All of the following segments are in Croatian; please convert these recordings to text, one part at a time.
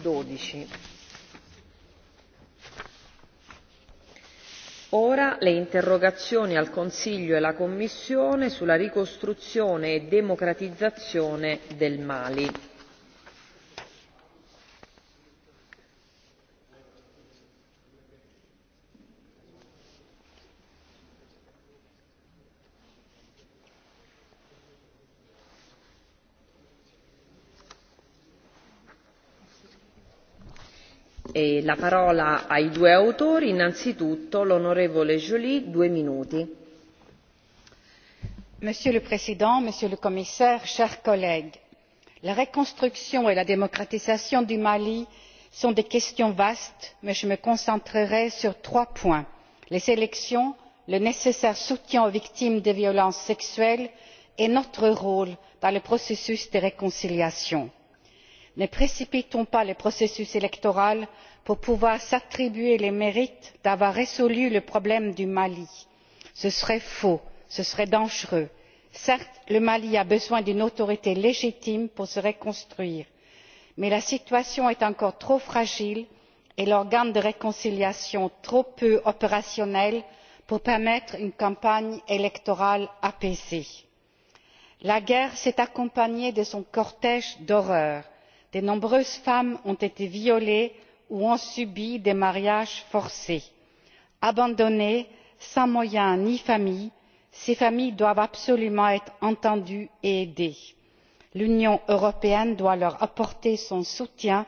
dodici ora le interrogazioni al consiglio e alla commissione sulla ricostruzione e democratizzazione del mali. la parola ai due autori innanzitutto l'onorevole joly minuti. monsieur le président monsieur le commissaire chers collègues la reconstruction et la démocratisation du mali sont des questions vastes mais je me concentrerai sur trois points les élections le nécessaire soutien aux victimes de violences sexuelles et notre rôle dans le processus de réconciliation ne précipitons pas le processus électoral pour pouvoir s'attribuer le mérite d'avoir résolu le problème du mali. ce serait faux ce serait dangereux. certes le mali a besoin d'une autorité légitime pour se reconstruire mais la situation est encore trop fragile et l'organe de réconciliation trop peu opérationnel pour permettre une campagne électorale apaisée. la guerre s'est accompagnée de son cortège d'horreurs de nombreuses femmes ont été violées ou ont subi des mariages forcés. abandonnées sans moyens ni famille ces familles doivent absolument être entendues et aidées. l'union européenne doit leur apporter son soutien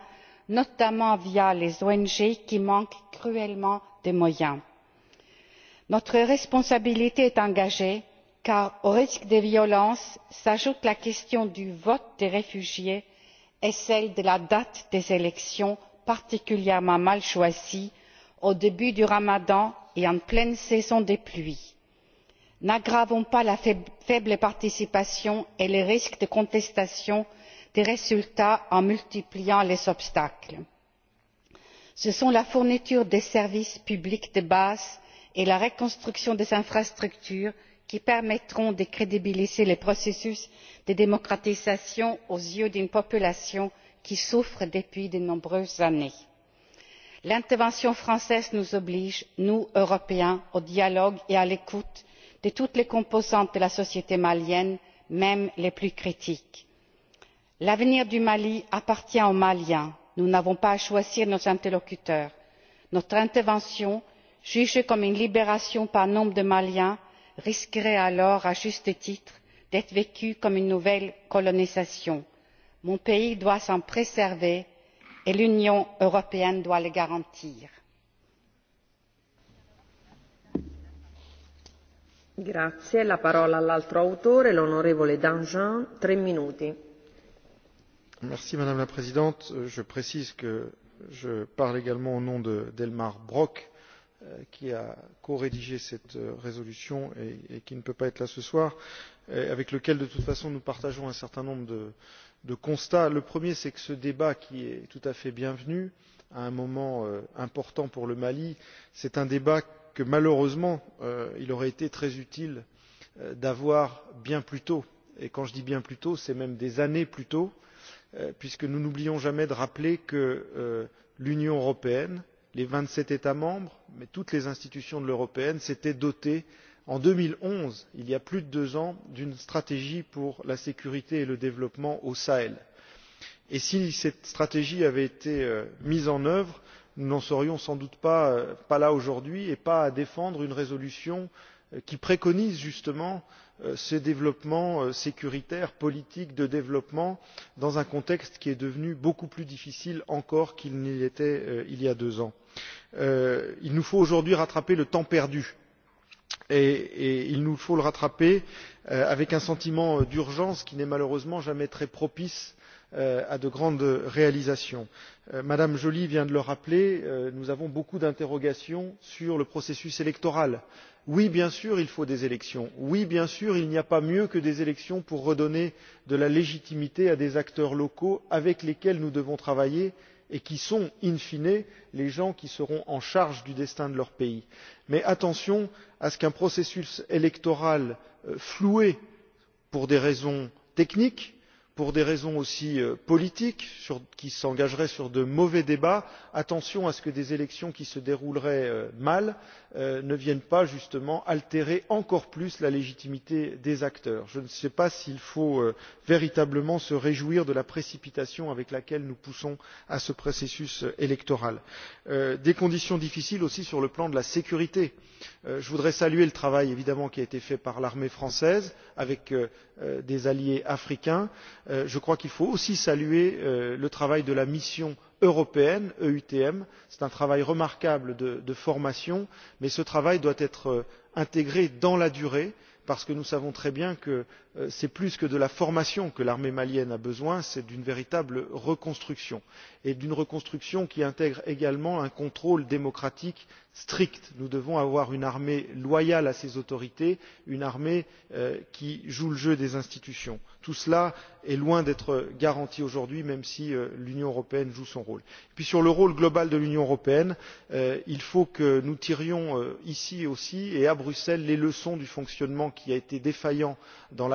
notamment via les ong qui manquent cruellement de moyens. notre responsabilité est engagée car au risque de violences s'ajoute la question du vote des réfugiés est celle de la date des élections particulièrement mal choisie au début du ramadan et en pleine saison des pluies. n'aggravons pas la faible participation et les risques de contestation des résultats en multipliant les obstacles. ce sont la fourniture des services publics de base et la reconstruction des infrastructures qui permettront de crédibiliser le processus de démocratisation aux yeux d'une population qui souffre depuis de nombreuses années. l'intervention française nous oblige nous européens au dialogue et à l'écoute de toutes les composantes de la société malienne même les plus critiques. l'avenir du mali appartient aux maliens. nous n'avons pas à choisir nos interlocuteurs. notre intervention jugée comme une libération par nombre de maliens risquerait alors à juste titre d'être vécue comme une nouvelle colonisation. mon pays doit s'en préserver et l'union européenne doit le garantir. madame la présidente euh, je précise que je parle également au nom d'elmar brok Euh, qui a corédigé cette euh, résolution et, qui ne peut pas être là ce soir avec lequel de toute façon nous partageons un certain nombre de, constats. le premier c'est que ce débat qui est tout à fait bienvenu à un moment euh, important pour le mali c'est un débat que malheureusement il aurait été très utile d'avoir bien plus tôt et quand je dis bien plus tôt c'est même des années plus tôt puisque nous n'oublions jamais de rappeler que l'union européenne les vingt sept états membres mais toutes les institutions de l'union européenne s'étaient dotés en deux mille onze il y a plus de deux ans d'une stratégie pour la sécurité et le développement au sahel et si cette stratégie avait été euh, mise en œuvre nous n'en serions sans doute pas euh, là aujourd'hui et pas à défendre une résolution euh, qui préconise justement Euh, ce développement euh, sécuritaire politique de développement dans un contexte qui est devenu beaucoup plus difficile encore qu'il ne l'était euh, il y a deux ans. il nous faut aujourd'hui rattraper le temps perdu et il nous faut le rattraper avec un sentiment d'urgence qui n'est malheureusement jamais très propice Euh, à de grandes réalisations. Euh, mme joly vient de le rappeler euh, nous avons beaucoup d'interrogations sur le processus électoral. oui bien sûr il faut des élections oui bien sûr il n'y a pas mieux que des élections pour redonner de la légitimité à des acteurs locaux avec lesquels nous devons travailler et qui sont in fine les gens qui seront en charge du destin de leur pays. mais attention à ce qu'un processus électoral floué pour des raisons techniques pour des raisons aussi euh, politiques qui s'engageraient sur de mauvais débats attention à ce que des élections qui se dérouleraient euh, mal euh, ne viennent pas justement altérer encore plus la légitimité des acteurs. je ne sais pas s'il faut véritablement se réjouir de la précipitation avec laquelle nous poussons à ce processus électoral. des conditions difficiles aussi sur le plan de la sécurité. je voudrais saluer le travail évidemment qui a été fait par l'armée française avec euh, euh, des alliés africains. Euh, je crois qu'il faut aussi saluer le travail de la mission européenne eutm c'est un travail remarquable de, formation mais ce travail doit être intégré dans la durée parce que nous savons très bien que Euh, c'est plus que de la formation que l'armée malienne a besoin c'est d'une véritable reconstruction et d'une reconstruction qui intègre également un contrôle démocratique strict. nous devons avoir une armée loyale à ses autorités une armée euh, qui joue le jeu des institutions. tout cela est loin d'être garanti aujourd'hui même si euh, l'union européenne joue son rôle. puis sur le rôle global de l'union européenne il faut que nous tirions ici aussi et à bruxelles les leçons du fonctionnement qui a été défaillant dans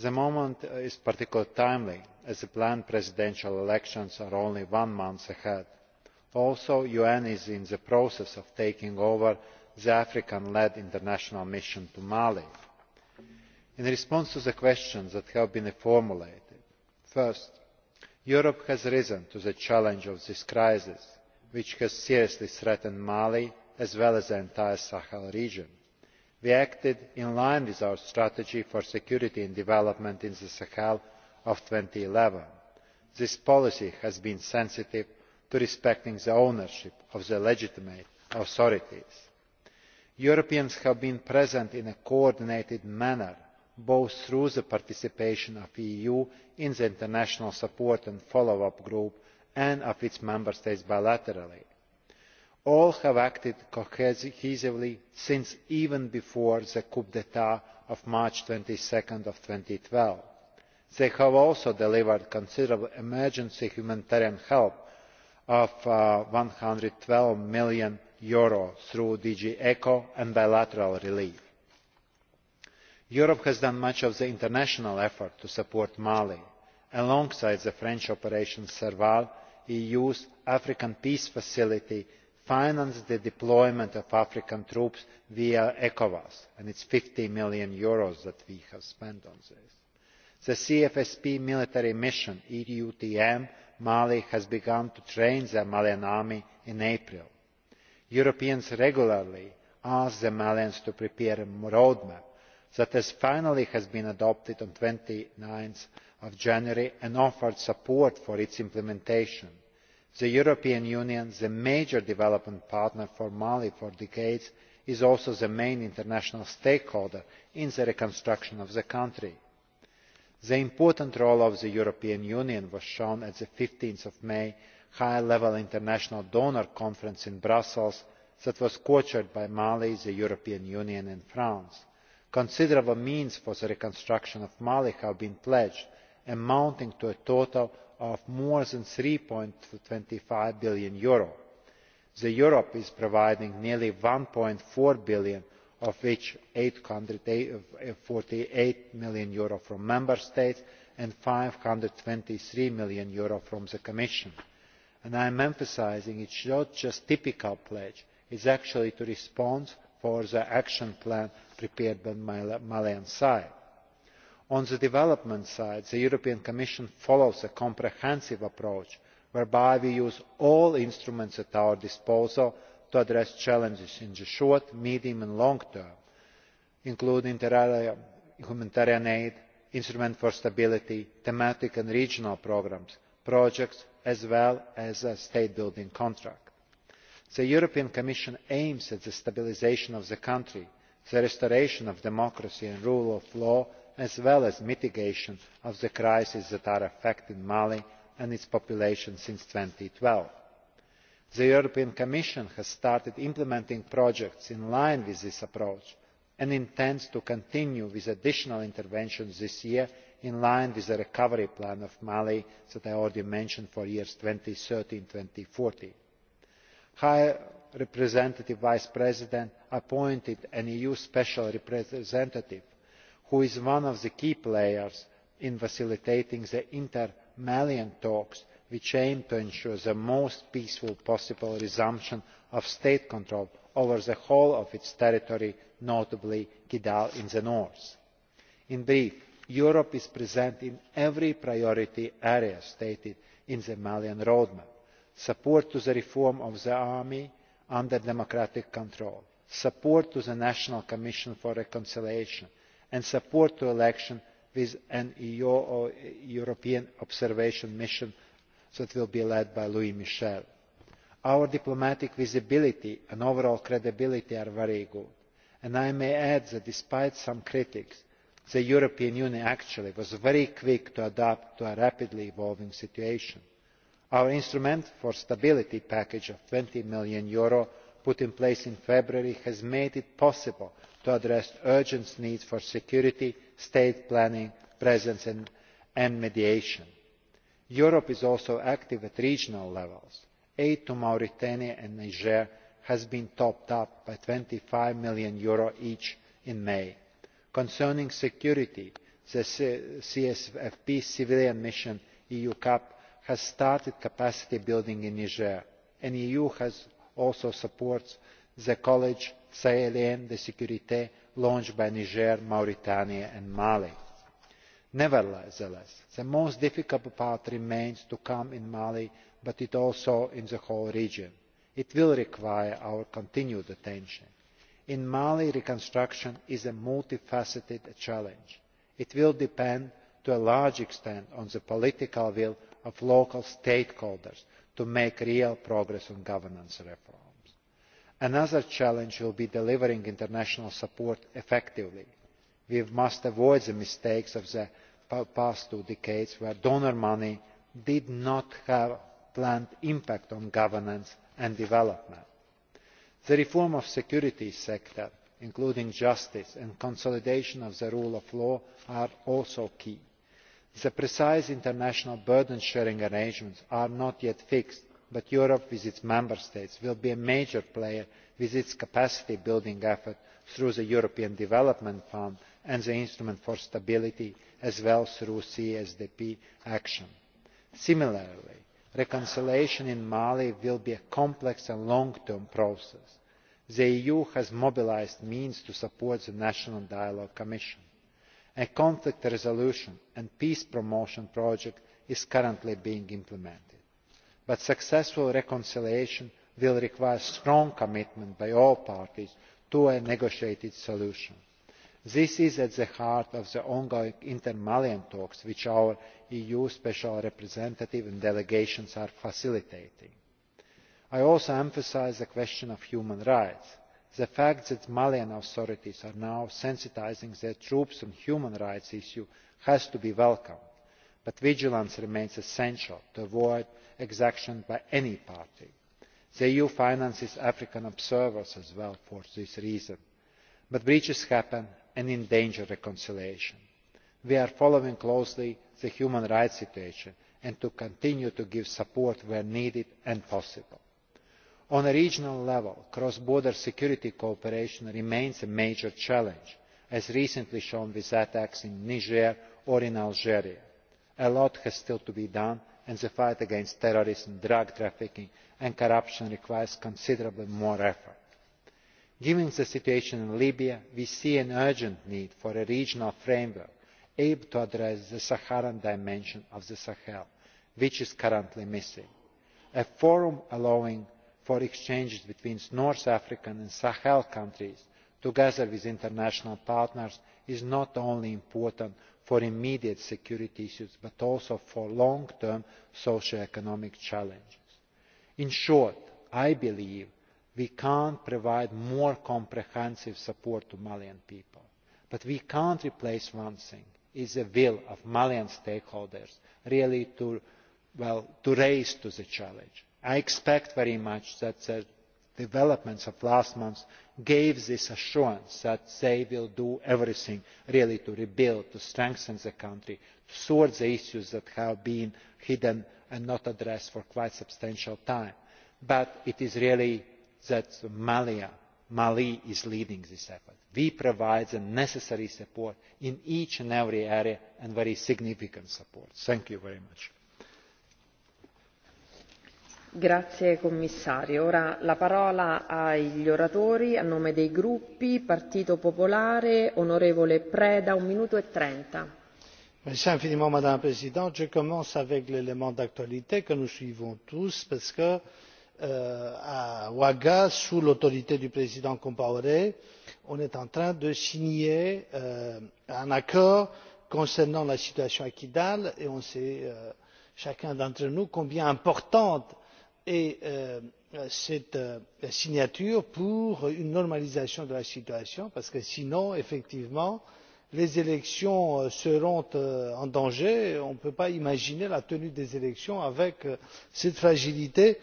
the moment uh, is particularly timely as the planned presidential elections are only one month ahead. also the un is in the process of taking over the african led international mission to mali. in response to the questions that have been formulated first europe has risen to the challenge of this crisis which has seriously threatened mali as well as the entire sahel region we acted in line with our strategy for security and development in the sahel of two thousand and eleven this policy has been sensitive to respecting the ownership of the legitimate authorities. europeans have been present in a coordinated manner both through the participation of the eu in the international support and follow up group and of its member states bilaterally all have acted cohesively since even before the coup d'tat of march twenty two two thousand and twelve they have also delivered considerable emergency humanitarian help of eur uh, one hundred and twelve million through dg echo and bilateral relief. europe has done much of the international effort to support mali. alongside the french operation serval the eu's african peace facility finance the deployment of african troops via ecowas and it is eur fifty million that we have spent on this. the cfsp military mission eutm mali has begun to train the malian army in april. europeans regularly ask the malians to prepare a roadmap that has finally been adopted on twenty nine january and offered support for its implementation the european union the major development partner for mali for decades is also the main international stakeholder in the reconstruction of the country. the important role of the european union was shown at the fifteen may high level international donor conference in brussels that was co chaired by mali the european union and france. considerable means for the reconstruction of mali have been pledged amounting to a total of more than eur. three twenty five billion. europe is providing nearly eur. one four billion of which eur eight hundred forty eight million from member states and eur five hundred and twenty three million from the commission. i am emphasising it is not just a typical pledge it is actually to respond to the action plan prepared by the malian side on the development side the european commission follows a comprehensive approach whereby we use all instruments at our disposal to address challenges in the short medium and long term including inter alia humanitarian aid the instrument for stability thematic and regional programmes projects as well as a state building contract. the european commission aims at the stabilisation of the country the restoration of democracy and the rule of law as well as mitigation of the crises that are affecting mali and its population since. two twelve the european commission has started implementing projects in line with this approach and intends to continue with additional interventions this year in line with the recovery plan of mali that i already mentioned for years two thousand and thirteen two high representative vice president appointed an eu special representative who is one of the key players in facilitating the inter malian talks which aim to ensure the most peaceful possible resumption of state control over the whole of its territory notably kidal in the north. in brief europe is present in every priority area stated in the malian roadmap support to the reform of the army under democratic control; support to the national commission for reconciliation; and support to election with an eu uh, european observation mission that will be led by louis michel. our diplomatic visibility and overall credibility are very good and i may add that despite some critics the european union actually was very quick to adapt to a rapidly evolving situation. our instrument for stability package of eur twenty million put in place in february has made it possible to address urgent needs for security state planning presence and mediation. europe is also active at regional levels. aid to mauritania and niger has been topped up by eur twenty five million each in may. concerning security the csfp civilian mission eu cap has started capacity building in niger and the eu also supports the college sahelian de sqrt launched by niger mauritania and mali. nevertheless the most difficult part remains to come in mali but also in the whole region. it will require our continued attention. in mali reconstruction is a multifaceted challenge. it will depend to a large extent on the political will of local stakeholders to make real progress on governance reforms. another challenge will be delivering international support effectively. we must avoid the mistakes of the pa-, past two decades where donor money did not have a planned impact on governance and development. the reform of the security sector including justice and consolidation of the rule of law are also key the precise international burden sharing arrangements are not yet fixed but europe with its member states will be a major player with its capacity building effort through the european development fund and the instrument for stability as well as through csdp action. similarly reconciliation in mali will be a complex and long term process. the eu has mobilised means to support the national dialogue commission a conflict resolution and peace promotion project is currently being implemented but successful reconciliation will require strong commitment by all parties to a negotiated solution. this is at the heart of the ongoing inter malian talks which our eu special representative and delegations are facilitating. i also emphasise the question of human rights the fact that the malian authorities are now sensitising their troops on human rights issues has to be welcomed but vigilance remains essential to avoid exaction by any party. the eu finances african observers as well for this reason but breaches happen and endanger reconciliation. we are following closely the human rights situation and will continue to give support where needed and possible on a regional level cross border security cooperation remains a major challenge as recently shown with attacks in niger or in algeria. a lot has still to be done and the fight against terrorism drug trafficking and corruption requires considerably more effort. given the situation in libya we see an urgent need for a regional framework able to address the saharan dimension of the sahel which is currently missing. a forum allowing for exchanges between north african and sahel countries together with international partners is not only important for immediate security issues but also for long term socio economic challenges. in short i believe we can provide more comprehensive support to malian people but we cannot replace one thing is the will of malian stakeholders really to raise to the challenge i expect very much that the developments of last month gave this assurance that they will do everything really to rebuild to strengthen the country to sort the issues that have been hidden and not addressed for quite a substantial time but it is really that mali is leading this effort. we provide the necessary support in each and every area and very significant support. thank you very much grazie commissario ora la parola agli oratori a nome dei gruppi partito popolare onorevole preda un minuto et madame la présidente je commence avec l'élément d'actualité que nous suivons tous parce que euh, à ouaga sous l'autorité du président compaoré on est en train de signer euh, un accord concernant la situation à kidal et on sait euh, chacun d'entre nous combien importante et euh, cette euh, signature pour une normalisation de la situation parce que sinon effectivement les élections euh, seront en danger. on ne peut pas imaginer la tenue des élections avec cette fragilité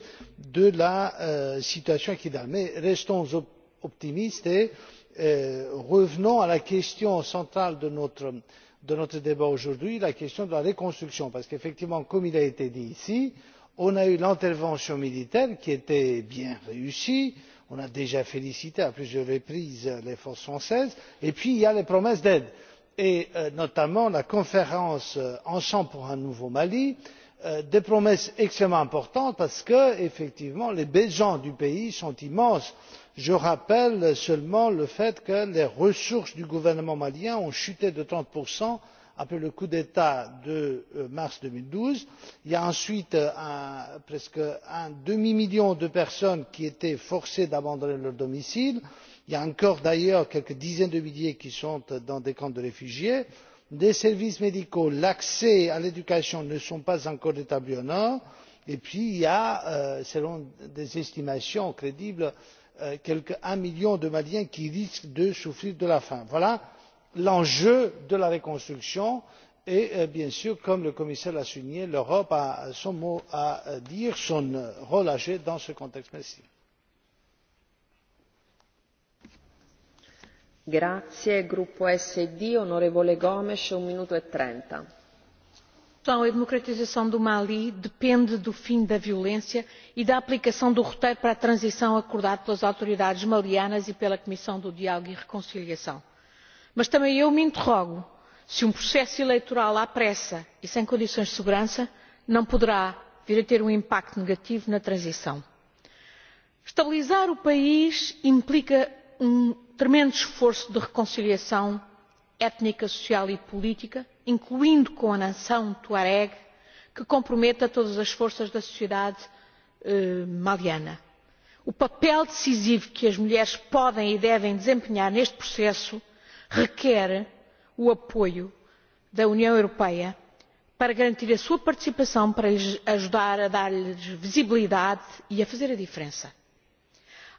de la situation à kidal. mais restons optimistes et revenons à la question centrale de notre débat aujourd'hui la question de la reconstruction parce qu'effectivement comme il a été dit ici on a eu l'intervention militaire qui était bien réussie on a déjà félicité à plusieurs reprises les forces françaises et puis il y a les promesses d'aide et euh, notamment la conférence euh, ensemble pour un nouveau mali euh, des promesses extrêmement importantes parce que effectivement les besoins du pays sont immenses. je rappelle seulement le fait que les ressources du gouvernement malien ont chuté de trente après le coup d'état de euh, mars deux mille douze il y a ensuite euh, presque un demi million de personnes qui étaient forcées d'abandonner leur domicile il y a encore d'ailleurs quelques dizaines de milliers qui sont dans des camps de réfugiés les services médicaux l'accès à l'éducation ne sont pas encore rétablis au nord et puis il y a euh, selon des estimations crédibles quelque un million de maliens qui risquent de souffrir de la faim. voilà l'enjeu de la reconstruction et euh, bien sûr comme le commissaire l'a souligné l'europe a son mot à euh, dire son euh, rôle à jouer dans ce contexte. Merci. E a democratização do mali depende do fim da violência e da aplicação do roteiro para a transição acordado pelas autoridades malianas e pela comissão do diálogo e reconciliação mas também eu me interrogo se um processo eleitoral à pressa e sem condições de segurança não poderá vir a ter um impacto negativo na transição. estabilizar o país implica um tremendo esforço de reconciliação étnica social e política incluindo com a nação tuareg que comprometa todas as forças da sociedade eh, maliana. o papel decisivo que as mulheres podem e devem desempenhar neste processo requer o apoio da união europeia para garantir a sua participação para ajudar a dar lhes visibilidade e a fazer a diferença.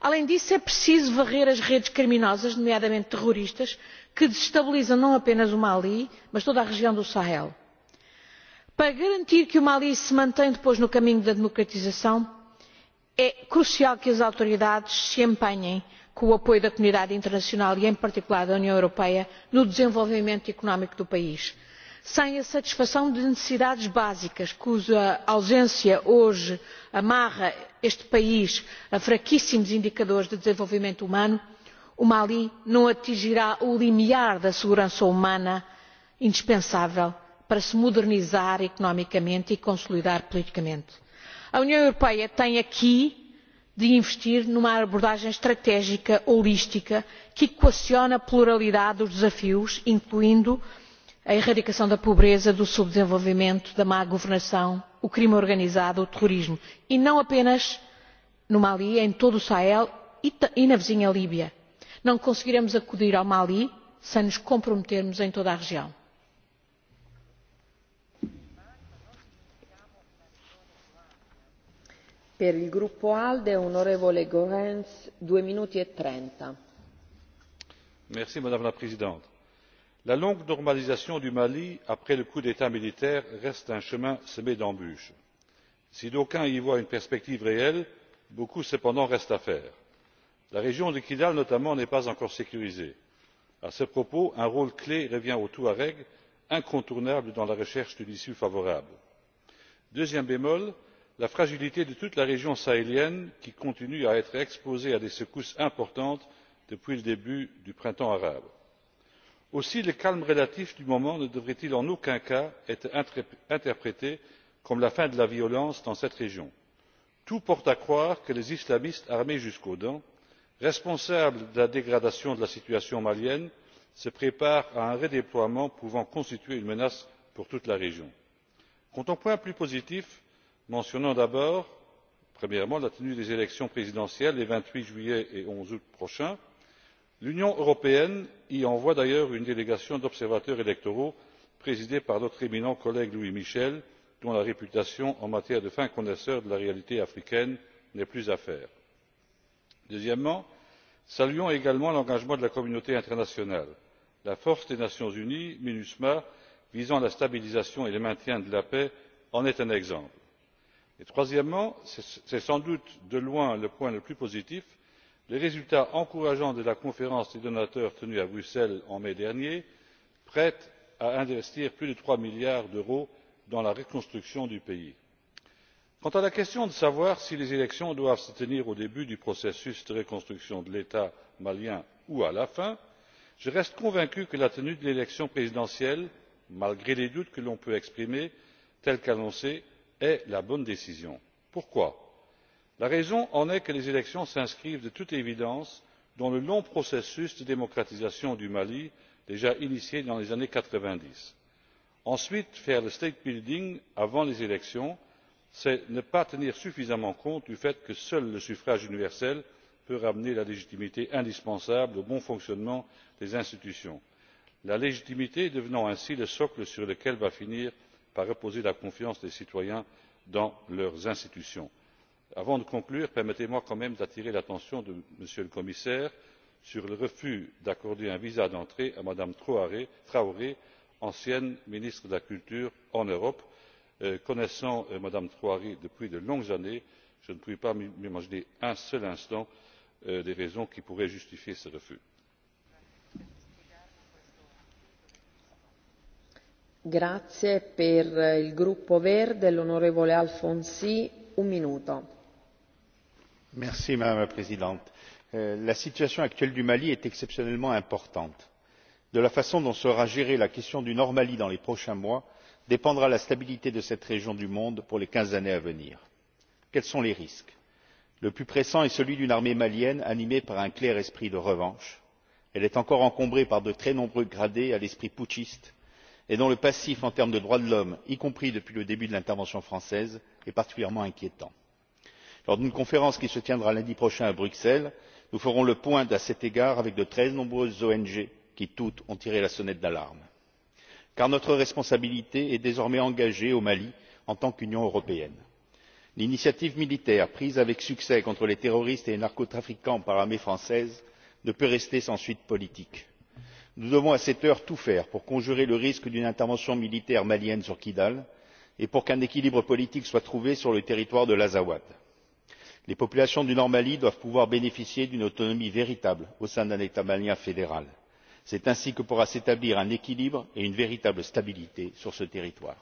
além disso é preciso varrer as redes criminosas nomeadamente terroristas que desestabilizam não apenas o mali mas toda a região do sahel. para garantir que o mali se mantém depois no caminho da democratização é crucial que as autoridades se empenhem com o apoio da comunidade internacional e em particular da união europeia no desenvolvimento económico do país sem a satisfação de necessidades básicas cuja ausência hoje amarra este país a fraquíssimos indicadores de desenvolvimento humano o mali não atingirá o limiar da segurança humana indispensável para se modernizar economicamente e consolidar politicamente. a união europeia tem aqui de investir numa abordagem estratégica holística que equacione a pluralidade dos desafios incluindo a erradicação da pobreza do subdesenvolvimento da má governação o crime organizado o terrorismo e não apenas no mali em todo o sahel e, e na vizinha líbia. não conseguiremos acudir ao mali sem nos comprometermos em toda a região. E madame la présidente la longue normalisation du mali après le coup d'état militaire reste un chemin semé d'embûches. si d'aucuns y voient une perspective réelle beaucoup cependant reste à faire. la région de kidal notamment n'est pas encore sécurisée. à ce propos un rôle clé revient aux touaregs incontournables dans la recherche d'une issue favorable. deuxième bémol la fragilité de toute la région sahélienne qui continue à être exposée à des secousses importantes depuis le début du printemps arabe. aussi le calme relatif du moment ne devrait il en aucun cas être interprété comme la fin de la violence dans cette région. tout porte à croire que les islamistes armés jusqu'aux dents responsables de la dégradation de la situation malienne se préparent à un redéploiement pouvant constituer une menace pour toute la région. quant au point plus positif mentionnons d'abord premièrement la tenue des élections présidentielles les vingt huit juillet et onze août prochains. l'union européenne y envoie d'ailleurs une délégation d'observateurs électoraux présidée par notre éminent collègue louis michel dont la réputation en matière de fin connaisseur de la réalité africaine n'est plus à faire. deuxièmement saluons également l'engagement de la communauté internationale. la force des nations unies minusma visant la stabilisation et le maintien de la paix en est un exemple troisièmement c'est sans doute de loin le point le plus positif les résultats encourageants de la conférence des donateurs tenue à bruxelles en mai dernier prête à investir plus de trois milliards d'euros dans la reconstruction du pays. quant à la question de savoir si les élections doivent se tenir au début du processus de reconstruction de l'état malien ou à la fin je reste convaincu que la tenue de l'élection présidentielle malgré les doutes que l'on peut exprimer telle qu'annoncée est la bonne décision. pourquoi? la raison en est que les élections s'inscrivent de toute évidence dans le long processus de démocratisation du mali déjà initié dans les années. quatre vingt dix ensuite faire le state building avant les élections c'est ne pas tenir suffisamment compte du fait que seul le suffrage universel peut ramener la légitimité indispensable au bon fonctionnement des institutions la légitimité devenant ainsi le socle sur lequel va finir par reposer la confiance des citoyens dans leurs institutions. avant de conclure permettez moi quand même d'attirer l'attention de m. le commissaire sur le refus d'accorder un visa d'entrée à mme traoré ancienne ministre de la culture en europe. Euh, connaissant euh, mme traoré depuis de longues années je ne puis pas m'imaginer un seul instant les euh, raisons qui pourraient justifier ce refus. Madame la présidente euh, la situation actuelle du mali est exceptionnellement importante. de la façon dont sera gérée la question du nord mali dans les prochains mois dépendra la stabilité de cette région du monde pour les quinze années à venir. quels sont les risques? le plus pressant est celui d'une armée malienne animée par un clair esprit de revanche. elle est encore encombrée par de très nombreux gradés à l'esprit putschiste et dont le passif en termes de droits de l'homme y compris depuis le début de l'intervention française est particulièrement inquiétant. lors d'une conférence qui se tiendra lundi prochain à bruxelles nous ferons le point à cet égard avec de très nombreuses ong qui toutes ont tiré la sonnette d'alarme car notre responsabilité est désormais engagée au mali en tant qu'union européenne. l'initiative militaire prise avec succès contre les terroristes et les narcotrafiquants par l'armée française ne peut rester sans suite politique nous devons à cette heure tout faire pour conjurer le risque d'une intervention militaire malienne sur kidal et pour qu'un équilibre politique soit trouvé sur le territoire de l'Azawad. les populations du nord mali doivent pouvoir bénéficier d'une autonomie véritable au sein d'un état malien fédéral. c'est ainsi que pourra s'établir un équilibre et une véritable stabilité sur ce territoire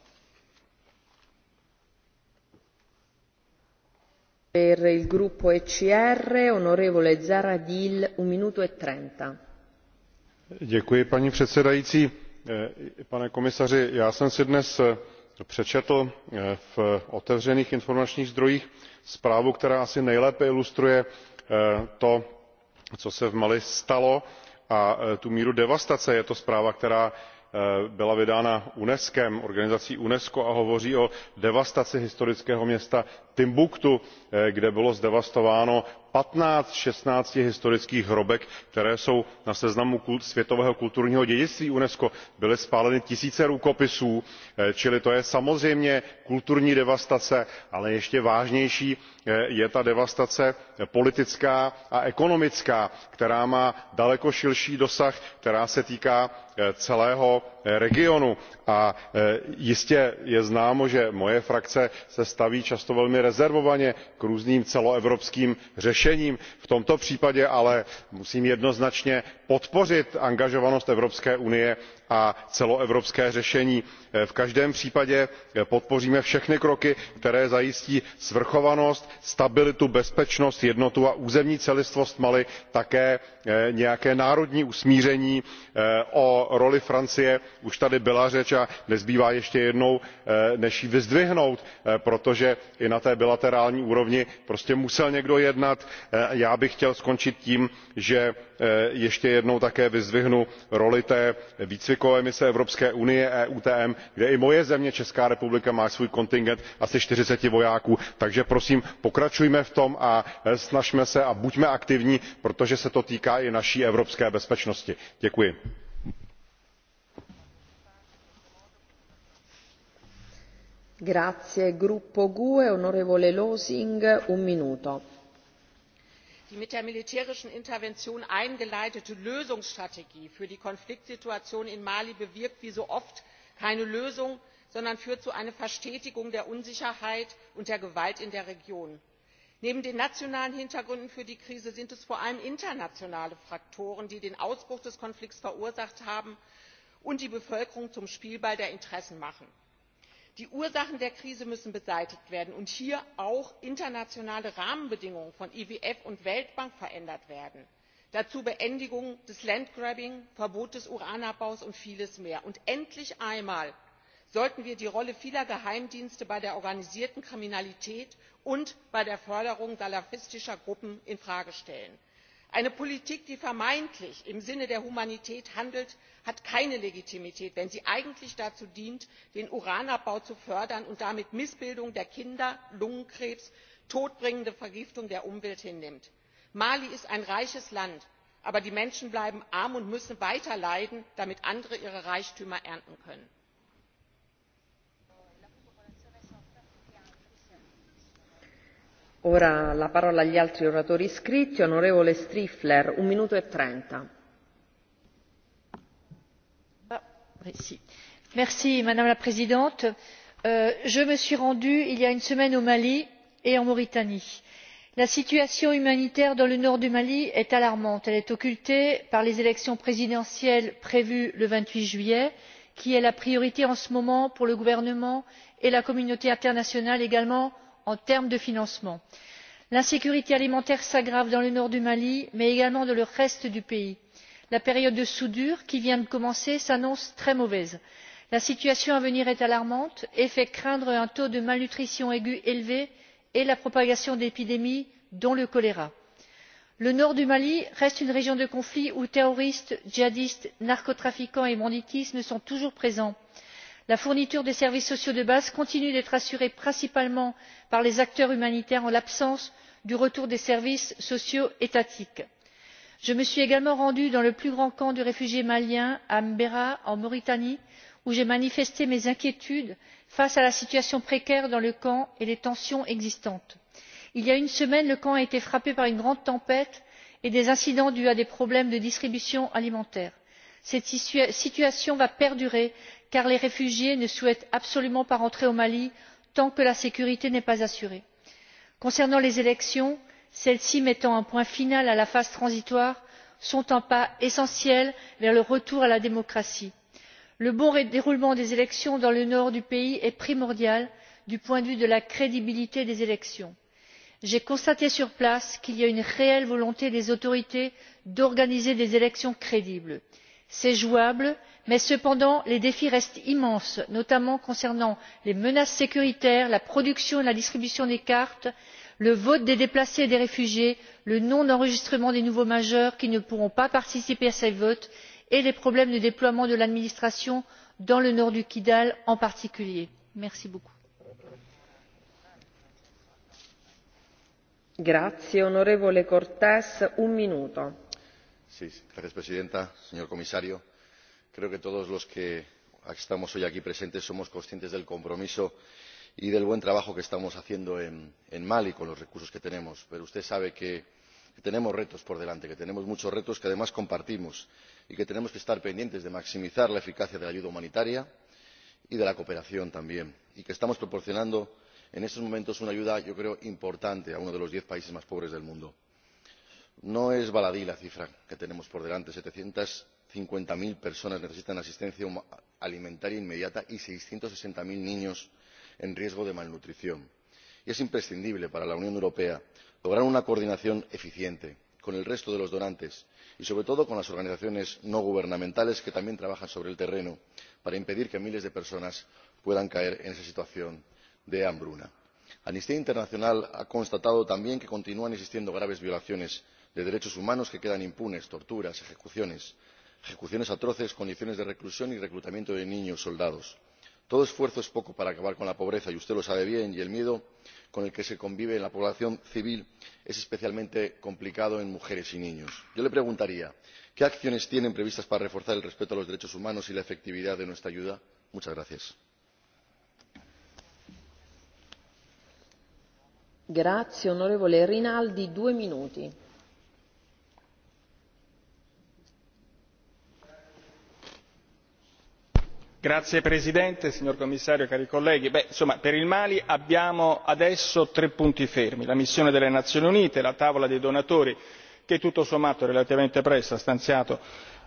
paní předsedající eh, pane komisaři já jsem si dnes eh, přečetl eh, v otevřených informačních zdrojích zprávu která asi nejlépe ilustruje to co se v mali stalo a tu míru devastace. je to zpráva která byla vydána unesco a hovoří o devastaci historického města timbuktu eh, kde bylo zdevastováno fifteen sixteen historických hrobek které jsou na seznamu světového kulturního dědictví unesco byly spáleny tisíce rukopisů eh, čili to je samozřejmě kulturní devastace ale ještě vážnější eh, je ta devastace politická a ekonomická která má daleko širší dosah která se týká celého regionu. a jistě je známo že moje frakce se staví často velmi rezervovaně k různým celoevropským řešením. v tomto případě ale musím jednoznačně podpořit angažovanost evropské unie a celoevropské řešení. v každém případě podpoříme všechny kroky které zajistí svrchovanost stabilitu bezpečnost jednotu a územní celistvost mali také eh, nějaké národní usmíření. Eh, o roli francie už tady byla řeč a nezbývá ještě jednou eh, než vyzdvihnout protože i na té bilaterální úrovni prostě musel někdo jednat. já bych chtěl skončit tím že ještě jednou také vyzdvihnu roli té mi evropské unie eutm kde i moje země česká republika má svůj kontingent asi vojaku vojáků takže prosím pokračujme v tom a snažme se a buďme aktivní protože se to týká i naší evropské bezpečnosti. děkuji die mit der militärischen intervention eingeleitete lösungsstrategie für die konfliktsituation in mali bewirkt wie so oft keine lösung sondern führt zu einer verstetigung der unsicherheit und der gewalt in der region. neben den nationalen hintergründen für die krise sind es vor allem internationale faktoren die den ausbruch des konflikts verursacht haben und die bevölkerung zum spielball der interessen machen die ursachen der krise müssen beseitigt werden und hier auch internationale rahmenbedingungen von iwf e und weltbank verändert werden dazu beendigung des landgrabbing verbot des uranabbaus und vieles mehr. und endlich einmal sollten wir die rolle vieler geheimdienste bei der organisierten kriminalität und bei der förderung salafistischer gruppen in frage stellen eine politik die vermeintlich im sinne der humanität handelt hat keine legitimität wenn sie eigentlich dazu dient den uranabbau zu fördern und damit Missbildung der kinder lungenkrebs todbringende vergiftung der umwelt hinnimmt. mali ist ein reiches land aber die menschen bleiben arm und müssen weiter leiden damit andere ihre reichtümer ernten können. la striffler e ah, eh, madame la présidente euh, je me suis rendue il y a une semaine au mali et en mauritanie. la situation humanitaire dans le nord du mali est alarmante. elle est occultée par les élections présidentielles prévues le vingt huit juillet qui est la priorité en ce moment pour le gouvernement et la communauté internationale également en termes de financement. l'insécurité alimentaire s'aggrave dans le nord du mali mais également dans le reste du pays. la période de soudure qui vient de commencer s'annonce très mauvaise. la situation à venir est alarmante et fait craindre un taux de malnutrition aiguë élevé et la propagation d'épidémies dont le choléra. le nord du mali reste une région de conflit où terroristes djihadistes narcotrafiquants et banditisme sont toujours présents la fourniture des services sociaux de base continue d'être assurée principalement par les acteurs humanitaires en l'absence du retour des services sociaux étatiques. je me suis également rendue dans le plus grand camp de réfugiés maliens à mbera en mauritanie où j'ai manifesté mes inquiétudes face à la situation précaire dans le camp et les tensions existantes. il y a une semaine le camp a été frappé par une grande tempête et des incidents dus à des problèmes de distribution alimentaire cette situation va perdurer car les réfugiés ne souhaitent absolument pas rentrer au mali tant que la sécurité n'est pas assurée. concernant les élections celles ci mettant un point final à la phase transitoire sont un pas essentiel vers le retour à la démocratie. le bon déroulement des élections dans le nord du pays est primordial du point de vue de la crédibilité des élections. j'ai constaté sur place qu'il y a une réelle volonté des autorités d'organiser des élections crédibles c'est jouable mais cependant les défis restent immenses notamment concernant les menaces sécuritaires la production et la distribution des cartes le vote des déplacés et des réfugiés le non enregistrement des nouveaux majeurs qui ne pourront pas participer à ces votes et les problèmes de déploiement de l'administration dans le nord du kidal en particulier. merci beaucoup. un minute señora presidenta señor comisario creo que todos los que estamos hoy aquí presentes somos conscientes del compromiso y del buen trabajo que estamos haciendo en mali con los recursos que tenemos pero usted sabe que tenemos retos por delante que tenemos muchos retos que además compartimos y que tenemos que estar pendientes de maximizar la eficacia de la ayuda humanitaria y de la cooperación también y que estamos proporcionando en estos momentos una ayuda yo creo importante a uno de los diez países más pobres del mundo no es baladí la cifra que tenemos por delante setecientos cincuenta cero personas necesitan asistencia alimentaria inmediata y seiscientos sesenta cero niños en riesgo de malnutrición y es imprescindible para la unión europea lograr una coordinación eficiente con el resto de los donantes y sobre todo con las organizaciones no gubernamentales que también trabajan sobre el terreno para impedir que miles de personas puedan caer en esa situación de hambruna. amnistía internacional ha constatado también que continúan existiendo graves violaciones de derechos humanos que quedan impunes torturas ejecuciones ejecuciones atroces condiciones de reclusión y reclutamiento de niños soldados. todo esfuerzo es poco para acabar con la pobreza y usted lo sabe bien y el miedo con el que se convive en la población civil es especialmente complicado en mujeres y niños. yo le preguntaría qué acciones tienen previstas para reforzar el respeto de los derechos humanos y la efectividad de nuestra ayuda? muchas gracias. signor presidente signor commissario onorevoli colleghi per il mali abbiamo adesso tre punti fermi la missione delle nazioni unite la tavola dei donatori che tutto sommato relativamente presto ha stanziato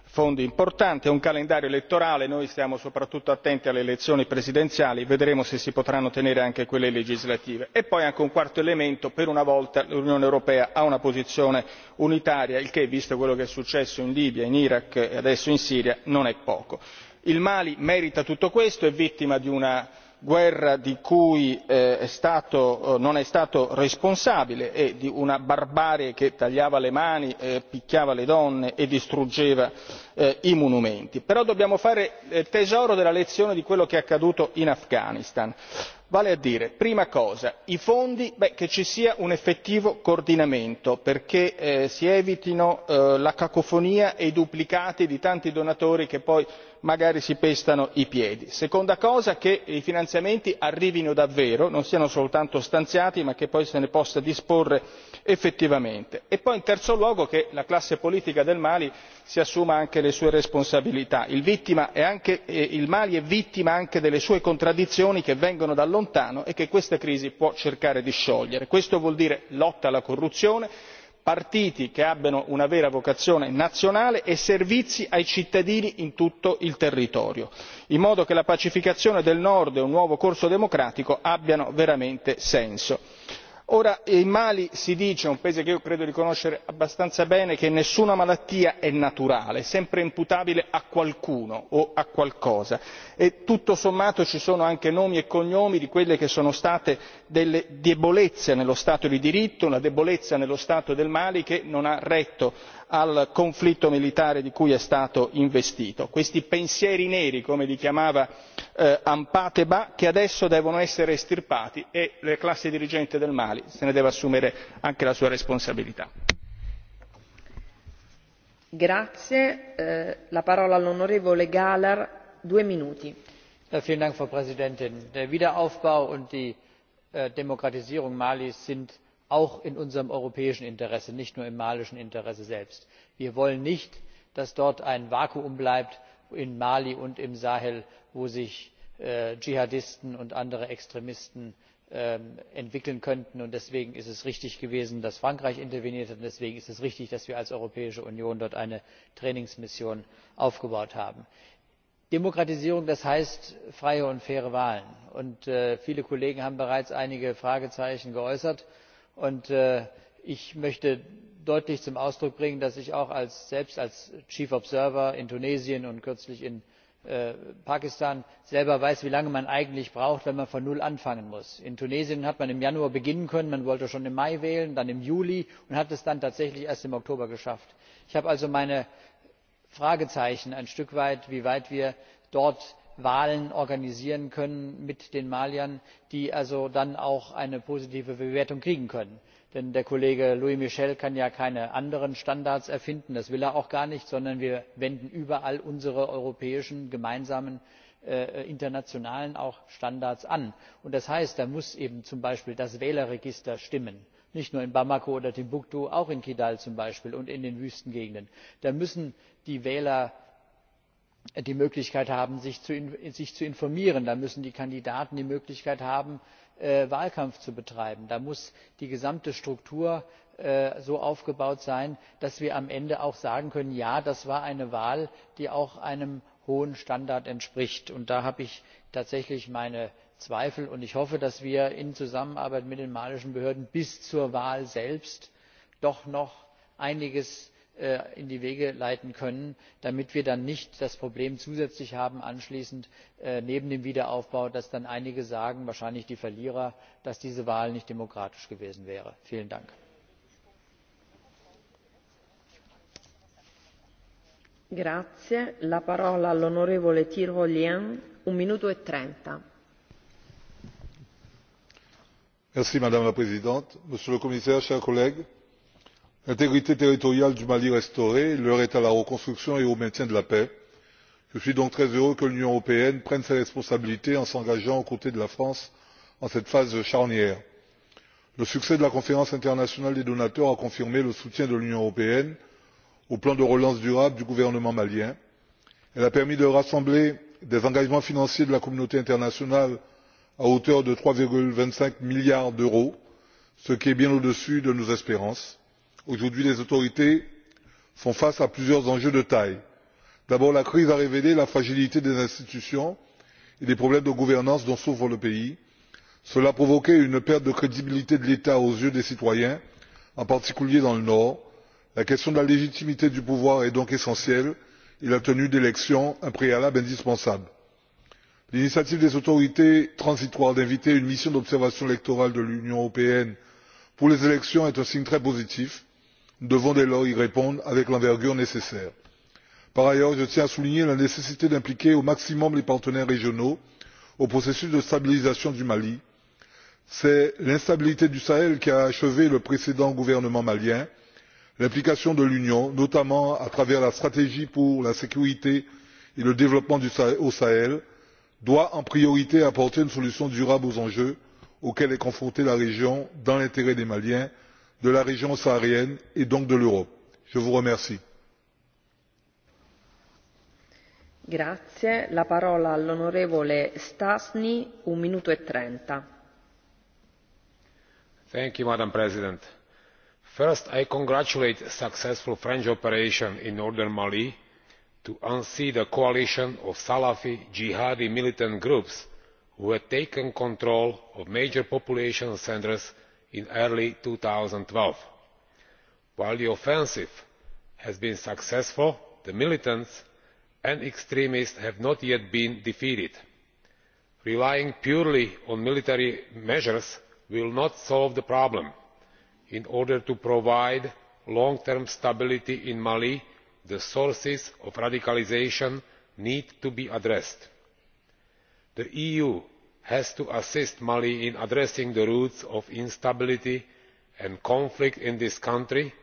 fondi importanti e un calendario elettorale noi stiamo soprattutto attenti alle elezioni presidenziali vedremo se si potranno tenere anche quelle legislative e poi anche un quarto elemento per una volta l'unione europea ha una posizione unitaria il che visto quello che è successo in libia in iraq e adesso in siria non è poco il mali merita tutto questo è vittima di una guerra di cui eh, eh, non è stato responsabile e di una barbarie che tagliava le mani eh, picchiava le donne e distruggeva i monumenti però dobbiamo fare tesoro della lezione di quello che è accaduto in afghanistan vale a dire prima cosa i fondi che ci sia un effettivo coordinamento perché eh, si evitino eh, la cacofonia e i duplicati di tanti donatori che poi magari si pestano i piedi; seconda cosa che i finanziamenti arrivino davvero non siano soltanto stanziati ma che poi se ne possa disporre effettivamente e poi in terzo luogo che la classe politica del mali si assuma anche le sue responsabilità eh, il mali è vittima anche delle sue contraddizioni che vengono da lontano e che questa crisi può cercare di sciogliere. questo vuol dire lotta alla corruzione partiti che abbiano una vera vocazione nazionale e servizi ai cittadini in tutto il territorio in modo che la pacificazione del nord e un nuovo corso democratico abbiano veramente senso ora i mali si dice un paese che io credo di conoscere abbastanza bene che nessuna malattia è naturale è sempre imputabile a qualcuno o a qualcosa e tutto sommato ci sono anche nomi e cognomi di quelle che sono state delle debolezze nello stato di diritto una debolezza nello stato del mali che non ha retto al conflitto militare di cui è stato investito questi pensieri neri come li chiamava eh, ampateba che adesso devono essere estirpati e la classe dirigente del mali se ne deve assumere anche la sua responsabilità. Eh, frau präsidentin! der wiederaufbau und die äh, demokratisierung malis sind auch in unserem europäischen interesse nicht nur im malischen interesse selbst. wir wollen nicht dass dort ein vakuum bleibt in mali und im sahel wo sich äh, dschihadisten und andere extremisten ähm, entwickeln könnten. deswegen ist es richtig gewesen dass frankreich interveniert hat und deswegen ist es richtig dass wir als europäische union dort eine trainingsmission aufgebaut haben. demokratisierung das heißt freie und faire wahlen. und äh, viele kollegen haben bereits einige fragezeichen geäußert und äh, ich möchte deutlich zum ausdruck bringen dass ich auch selbst als chief observer in tunesien und kürzlich in äh, pakistan selber weiß wie lange man eigentlich braucht wenn man von null anfangen muss. in tunesien hat man im januar beginnen können man wollte schon im mai wählen dann im juli und hat es dann tatsächlich erst im oktober geschafft. ich habe also meine fragezeichen ein stück weit wie weit wir dort wahlen organisieren können mit den maliern die also dann auch eine positive bewertung kriegen können. denn der kollege louis michel kann ja keine anderen standards erfinden das will er auch gar nicht sondern wir wenden überall unsere europäischen gemeinsamen äh, internationalen standards an. das heißt da muss eben zum beispiel das wählerregister stimmen nicht nur in bamako oder timbuktu auch in kidal zum beispiel und in den wüstengegenden. da müssen die wähler die möglichkeit haben sich zu informieren da müssen die kandidaten die möglichkeit haben äh, wahlkampf zu betreiben da muss die gesamte struktur äh, so aufgebaut sein dass wir am ende auch sagen können ja das war eine wahl die auch einem hohen standard entspricht. da habe ich tatsächlich meine zweifel und ich hoffe dass wir in zusammenarbeit mit den malischen behörden bis zur wahl selbst doch noch einiges Äh, in die wege leiten können damit wir dann nicht das problem zusätzlich haben anschließend äh, neben dem wiederaufbau dass dann einige sagen wahrscheinlich die verlierer dass diese wahl nicht demokratisch gewesen wäre. vielen dank! E madame la présidente monsieur le commissaire chers collègues l'intégrité territoriale du mali restaurée l'heure est à la reconstruction et au maintien de la paix. je suis donc très heureux que l'union européenne prenne ses responsabilités en s'engageant aux côtés de la france en cette phase charnière. le succès de la conférence internationale des donateurs a confirmé le soutien de l'union européenne au plan de relance durable du gouvernement malien. elle a permis de rassembler des engagements financiers de la communauté internationale à hauteur de trois vingt cinq milliards d'euros ce qui est bien au dessus de nos espérances aujourd'hui les autorités font face à plusieurs enjeux de taille. d'abord la crise a révélé la fragilité des institutions et les problèmes de gouvernance dont souffre le pays. cela a provoqué une perte de crédibilité de l'état aux yeux des citoyens en particulier dans le nord. la question de la légitimité du pouvoir est donc essentielle et la tenue d'élections un préalable indispensable. l'initiative des autorités transitoires d'inviter une mission d'observation électorale de l'union européenne pour les élections est un signe très positif Nous devons dès lors y répondre avec l'envergure nécessaire. par ailleurs je tiens à souligner la nécessité d'impliquer au maximum les partenaires régionaux au processus de stabilisation du mali. c'est l'instabilité du sahel qui a achevé le précédent gouvernement malien. l'implication de l'union notamment à travers la stratégie pour la sécurité et le développement au sahel doit en priorité apporter une solution durable aux enjeux auxquels est confrontée la région dans l'intérêt des maliens de la région saharienne et donc de l'europe. je vous remercie. E madam president first i congratulate the successful french operation in northern mali to unseat a coalition of salafi jihadi militant groups who had taken control of major population centres in early. two thousand and twelve while the offensive has been successful the militants and extremists have not yet been defeated. relying purely on military measures will not solve the problem. in order to provide long term stability in mali the sources of radicalisation need to be addressed. the e has to assist mali in addressing the roots of instability and conflict in this country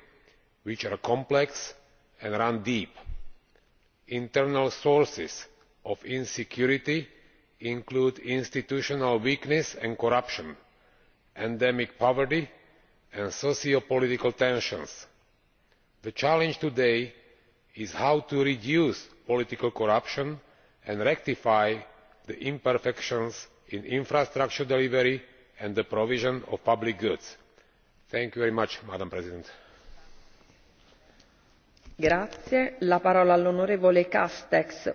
which are complex and run deep. internal sources of insecurity include institutional weakness and corruption endemic poverty and socio political tensions. the challenge today is how to reduce political corruption and rectify the imperfections in infrastructure delivery and the provision of public goods. thank you very much madam president. Castex,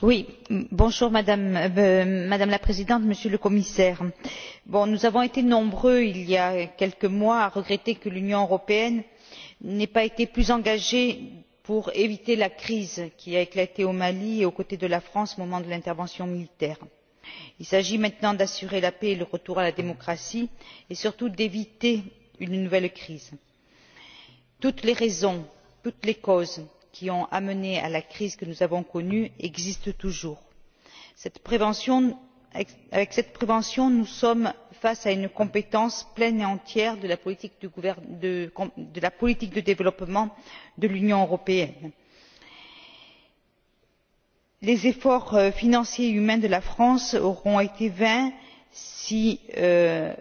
oui, bonjour, madame, euh, madame la présidente monsieur le commissaire bon, nous avons été nombreux il y a quelques mois à regretter que l'union européenne n'ait pas été plus engagée pour éviter la crise qui a éclaté au mali et aux côtés de la france au moment de l'intervention militaire. il s'agit maintenant d'assurer la paix et le retour à la démocratie et surtout d'éviter une nouvelle crise. toutes les raisons toutes les causes qui ont amené à la crise que nous avons connue existent toujours. cette prévention avec cette prévention nous sommes face à une compétence pleine et entière de la politique de développement de l'union européenne. les efforts euh, financiers et humains de la france auront été vains si euh,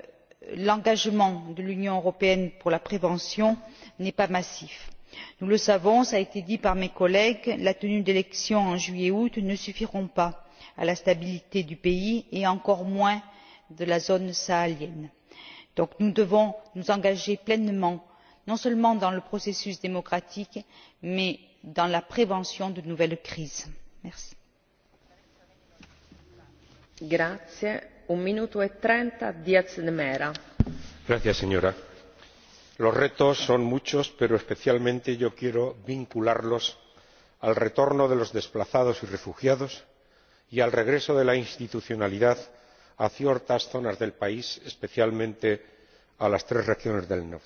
l'engagement de l'union européenne pour la prévention n'est pas massif. nous le savons cela a été dit par mes collègues la tenue d'élections en juillet et août ne suffira pas à la stabilité du pays et encore moins de la zone sahélienne. nous devons donc nous engager pleinement non seulement dans le processus démocratique mais dans la prévention de nouvelles crises. E señora los retos son muchos pero especialmente yo quiero vincularlos al retorno de los desplazados y refugiados y al regreso de la institucionalidad a ciertas zonas del país especialmente a las tres regiones del norte.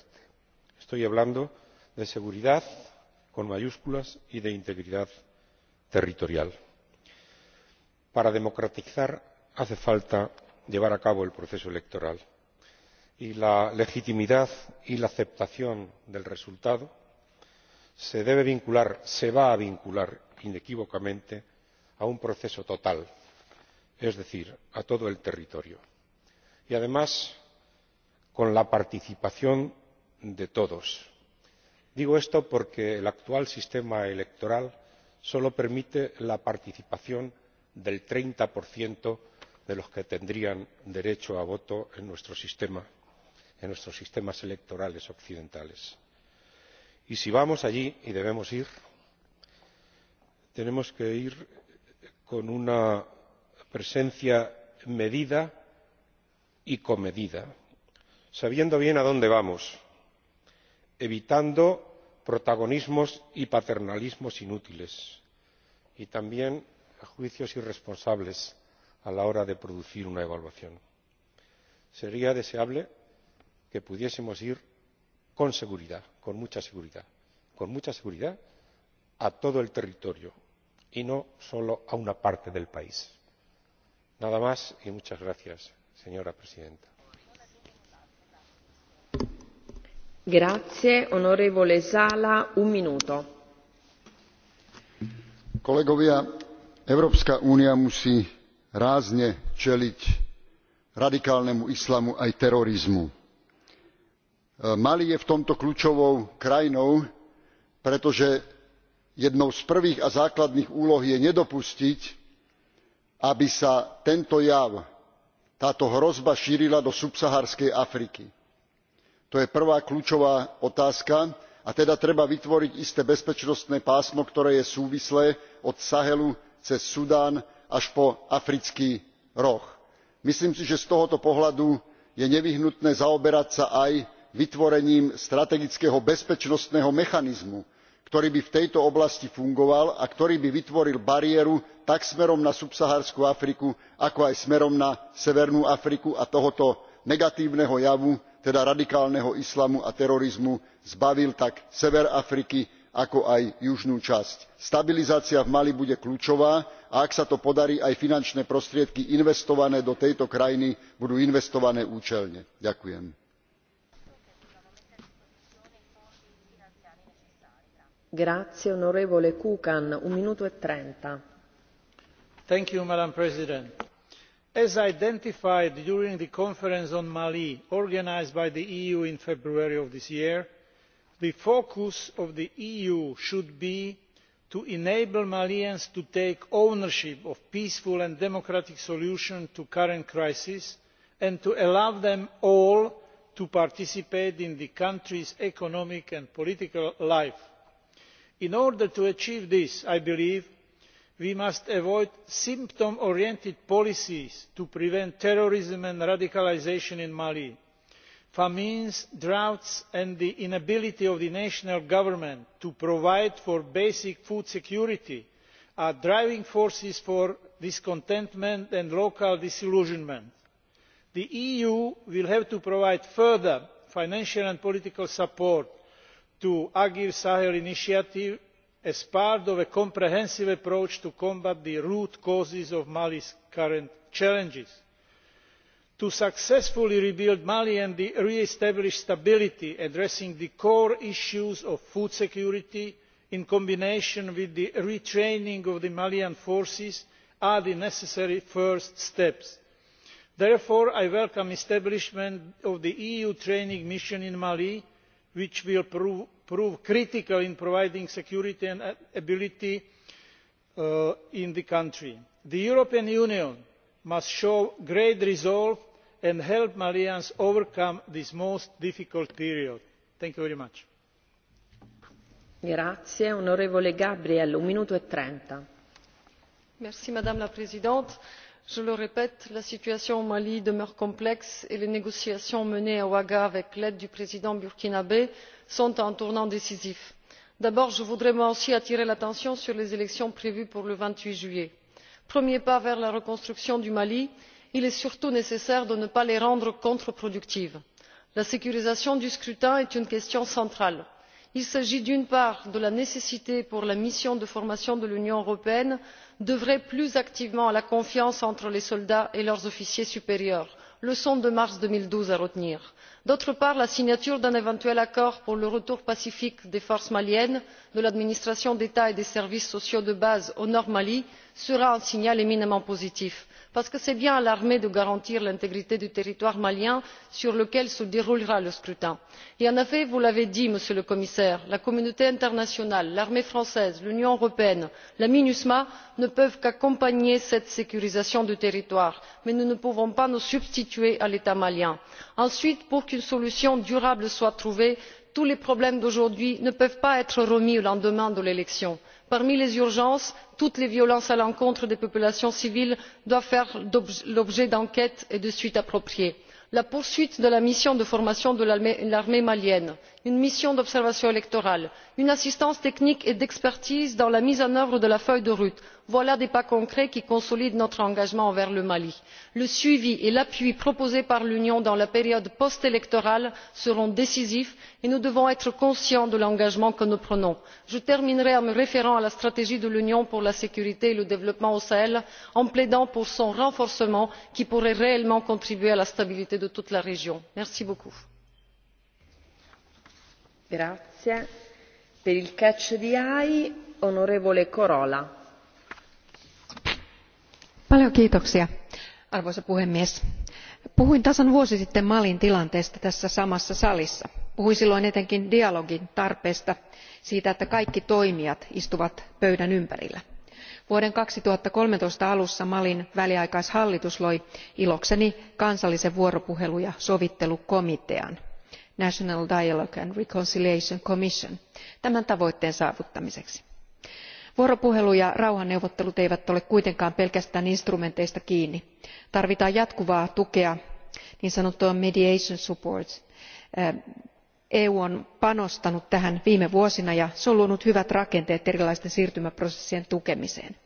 estoy hablando de seguridad con mayúsculas y de integridad territorial. para democratizar hace falta llevar a cabo el proceso electoral y la legitimidad y la aceptación del resultado se debe vincular se va a vincular inequívocamente a un proceso total es decir a todo el territorio y además con la participación de todos. digo esto porque el actual sistema electoral solo permite la participación del treinta de los que tendrían derecho a voto en nuestros sistemas electorales occidentales. y si vamos allí y debemos ir tenemos que ir con una presencia medida y comedida sabiendo bien a dónde vamos evitando protagonismos y paternalismos inútiles y también juicios irresponsables a la hora de producir una evaluación. sería deseable que pudiésemos ir con seguridad con mucha seguridad con mucha seguridad a todo el territorio y no solo a una parte del país. nada más y muchas gracias señora presidenta. kolegovia európska únia musí rázne čeliť radikálnemu islamu aj terorizmu. E, mali je v tomto kľúčovou krajinou pretože jednou z prvých a základných úloh je nedopustiť aby sa tento jav táto hrozba šírila do subsaharskej afriky. to je prvá kľúčová otázka a teda treba vytvoriť isté bezpečnostné pásmo ktoré je súvislé od sahelu cez sudán až po africký roh. myslím si že z tohto pohľadu je nevyhnutné zaoberať sa aj vytvorením strategického bezpečnostného mechanizmu ktorý by v tejto oblasti fungoval a ktorý by vytvoril bariéru tak smerom na subsaharsku afriku ako aj smerom na severnú afriku a tohto negatívneho javu teda radikálneho islamu a terorizmu zbavil tak sever afriky ako aj južnú časť. stabilizácia v mali bude kľúčová a ak sa to podarí aj finančné prostriedky investované do tejto krajiny budú investované účelne. ďakujem. E madam president as identified during the conference on mali organised by the eu in february of this year the focus of the eu should be to enable malians to take ownership of a peaceful and democratic solution to the current crisis and to allow them all to participate in the country's economic and political life in order to achieve this i believe we must avoid symptom oriented policies to prevent terrorism and radicalisation in mali. famines droughts and the inability of the national government to provide for basic food security are driving forces for discontentment and local disillusionment. the eu will have to provide further financial and political support to agir sahel initiative as part of a comprehensive approach to combat the root causes of mali's current challenges. to successfully rebuild mali and re establish stability addressing the core issues of food security in combination with the retraining of the malian forces are the necessary first steps. therefore i welcome the establishment of the eu training mission in mali which will prove critical in providing security and ability uh, in the country. the european union must show great resolve and help malians overcome this most difficult period. thank you very much je le répète la situation au mali demeure complexe et les négociations menées à ouaga avec l'aide du président burkinabé sont à un tournant décisif. d'abord je voudrais moi aussi attirer l'attention sur les élections prévues pour le vingt huit juillet. premier pas vers la reconstruction du mali il est surtout nécessaire de ne pas les rendre contreproductives. la sécurisation du scrutin est une question centrale il s'agit d'une part de la nécessité pour la mission de formation de l'union européenne d'œuvrer plus activement à la confiance entre les soldats et leurs officiers supérieurs leçon de mars deux mille douze à retenir d'autre part la signature d'un éventuel accord pour le retour pacifique des forces maliennes de l'administration d'état et des services sociaux de base au nord mali sera un signal éminemment positif parce que c'est bien à l'armée de garantir l'intégrité du territoire malien sur lequel se déroulera le scrutin. en effet vous l'avez dit monsieur le commissaire la communauté internationale l'armée française l'union européenne la minusma ne peuvent qu'accompagner cette sécurisation du territoire mais nous ne pouvons pas nous substituer à l'état malien. ensuite pour qu'une solution durable soit trouvée tous les problèmes d'aujourd'hui ne peuvent pas être remis au lendemain de l'élection parmi les urgences toutes les violences à l'encontre des populations civiles doivent faire l'objet d'enquêtes et de suites appropriées la poursuite de la mission de formation de l'armée malienne une mission d'observation électorale une assistance technique et d'expertise dans la mise en œuvre de la feuille de route voilà des pas concrets qui consolident notre engagement envers le mali. le suivi et l'appui proposés par l'union dans la période post électorale seront décisifs et nous devons être conscients de l'engagement que nous prenons. je terminerai en me référant à la stratégie de l'union pour la sécurité et le développement au sahel en plaidant pour son renforcement qui pourrait réellement contribuer à la stabilité de toute la région. merci beaucoup arvoisa puhemies puhuin tasan vuosi sitten malin tilanteesta tässä samassa salissa. puhuin silloin etenkin dialogin tarpeesta siitä että kaikki toimijat istuvat pöydän ympärillä. vuoden kaksituhatta kolmetoista alussa malin väliaikaishallitus loi ilokseni kansallisen vuoropuhelu ja sovittelukomitean national dialogue and reconciliation commission tämän tavoitteen saavuttamiseksi. vuoropuhelu ja rauhanneuvottelut eivät ole kuitenkaan pelkästään instrumenteista kiinni tarvitaan jatkuvaa tukea niin sanottua mediation support. eu on panostanut tähän viime vuosina ja se on luonut hyvät rakenteet erilaisten siirtymäprosessien tukemiseen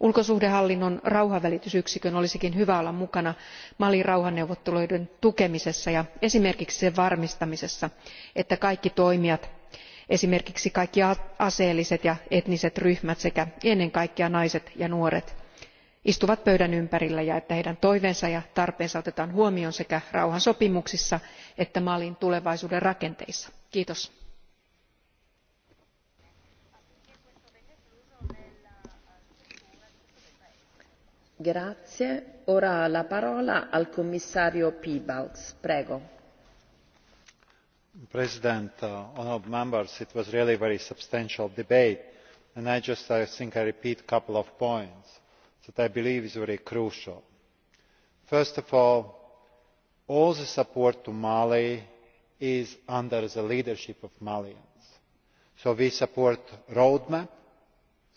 ulkosuhdehallinnon rauhanvälitysyksikön olisikin hyvä olla mukana malin rauhanneuvotteluiden tukemisessa ja esimerkiksi sen varmistamisessa että kaikki toimijat esimerkiksi kaikki aseelliset ja etniset ryhmät sekä ennen kaikkea naiset ja nuoret istuvat pöydän ympärillä ja että heidän toiveensa ja tarpeensa otetaan huomioon sekä rauhansopimuksissa että malin tulevaisuuden rakenteissa. kiitos. Grazie. Ora la parola al commissario Prego. President, uh, honourable members, it was really a very substantial debate, and I just I think I repeat a couple of points that I believe is very crucial. First of all, all the support to Mali is under the leadership of Malians. So we support roadmap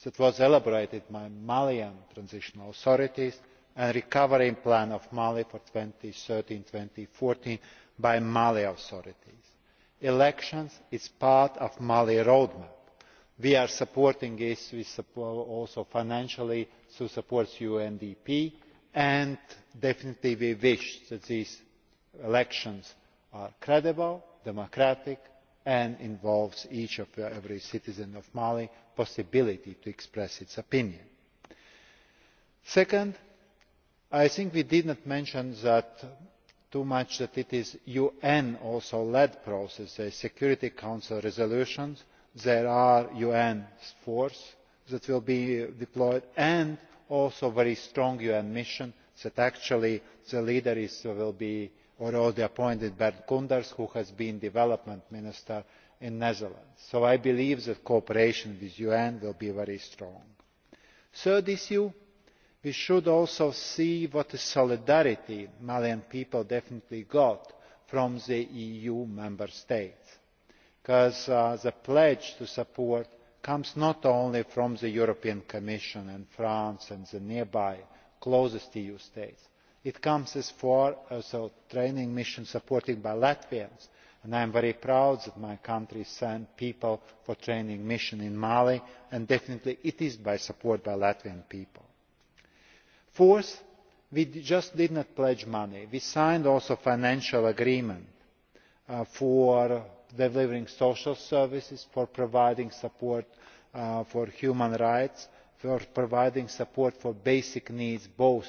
that was elaborated by malian transitional authorities and recovery plan of mali for two thousand and thirteen two fourteen by mali authorities. elections is part of the mali roadmap. we are supporting this also financially through support undp and definitely we wish that these elections are credible democratic and involves each and every citizen of mali the possibility to express its opinion. second i think we did not mention too much that it is un also led process a security council resolutions there are un forces that will be uh, deployed and also a very strong un mission that actually the leader will be or already appointed bernd Gunders, who has been development minister in the netherlands so i believe that cooperation with the un will be very strong. third issue we should also see what solidarity the malian people definitely got from the eu member states because uh, the pledge to support comes not only from the european commission and france and the nearby closest eu states it comes as far as uh, a training mission supported by latvians and i am very proud that my country sent people for training mission in mali and definitely it is by support by latvian people. fourth we just did not pledge money we signed also a financial agreement uh, for delivering social services for providing support uh, for human rights for providing support for basic needs both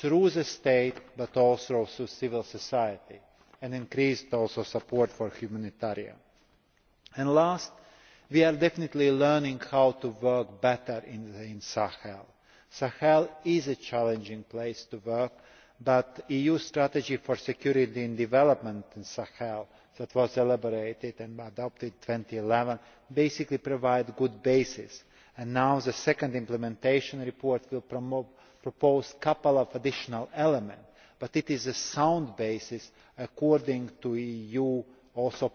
through the state but also through civil society and increased support for humanitarian aid. last we are definitely learning how to work better in the sahel. sahel is a challenging place to work but the eu strategy for security and development in sahel that was elaborated and adopted in two thousand and eleven basically provides a good basis and now the second implementation report will propose a couple of additional elements but it is a sound basis according to eu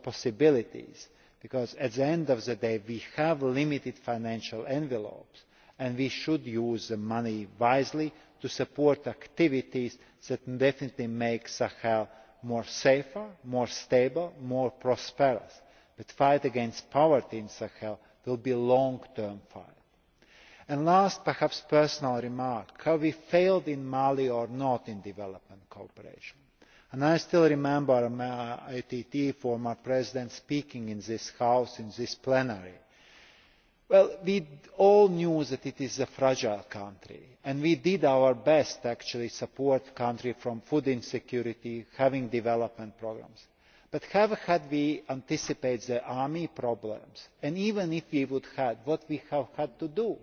possibilities because at the end of the day we have limited financial envelopes and we should use the money wisely to support activities that definitely make sahel safer more stable and more prosperous. the fight against poverty in sahel will be a long term and last perhaps personal remark have we failed in mali or not in development cooperation? i still remember uh, the former president speaking in this house in this plenary. well we all knew that it is a fragile country and we did our best actually to support the country from food insecurity having development programmes but had we anticipated the army problems and even if we had what would we have had to do?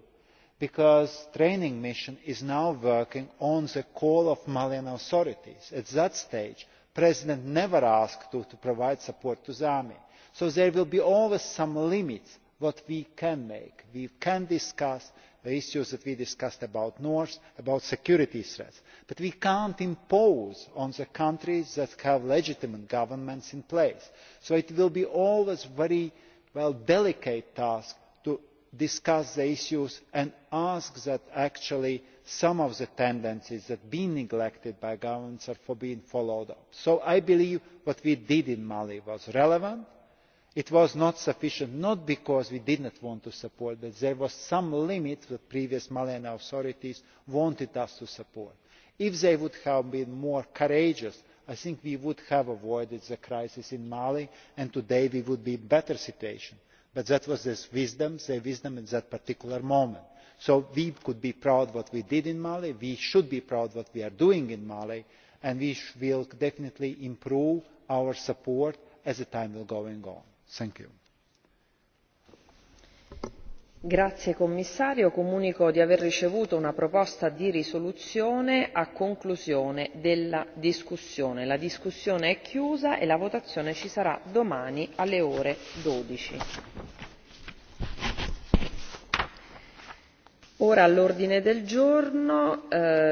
because the training mission is now working on the call of the malian authorities. at that stage the president never asked to provide support to the army so there will always be some limits to what we can make. we can discuss the issues that we discussed about the north about security threats but we cannot impose on the countries that have legitimate governments in place so it will always be a very delicate task discuss the issues and ask that actually some of the tendencies that have been neglected by governments are being followed up. so i believe what we did in mali was relevant. it was not sufficient not because we did not want to support but there was some limit that previous malian authorities wanted us to support. if they had been more courageous i think we would have avoided the crisis in mali and today we would be in a better situation but that was their wisdom their wisdom at that particular moment. so we could be proud of what we did in mali we should be proud of what we are doing in mali and we will definitely improve our support as the time will goes on signor commissario comunico di aver ricevuto una proposta di risoluzione a conclusione della discussione. la discussione è chiusa e la votazione ci sarà domani alle ore. dodici ora all'ordine del giorno eh,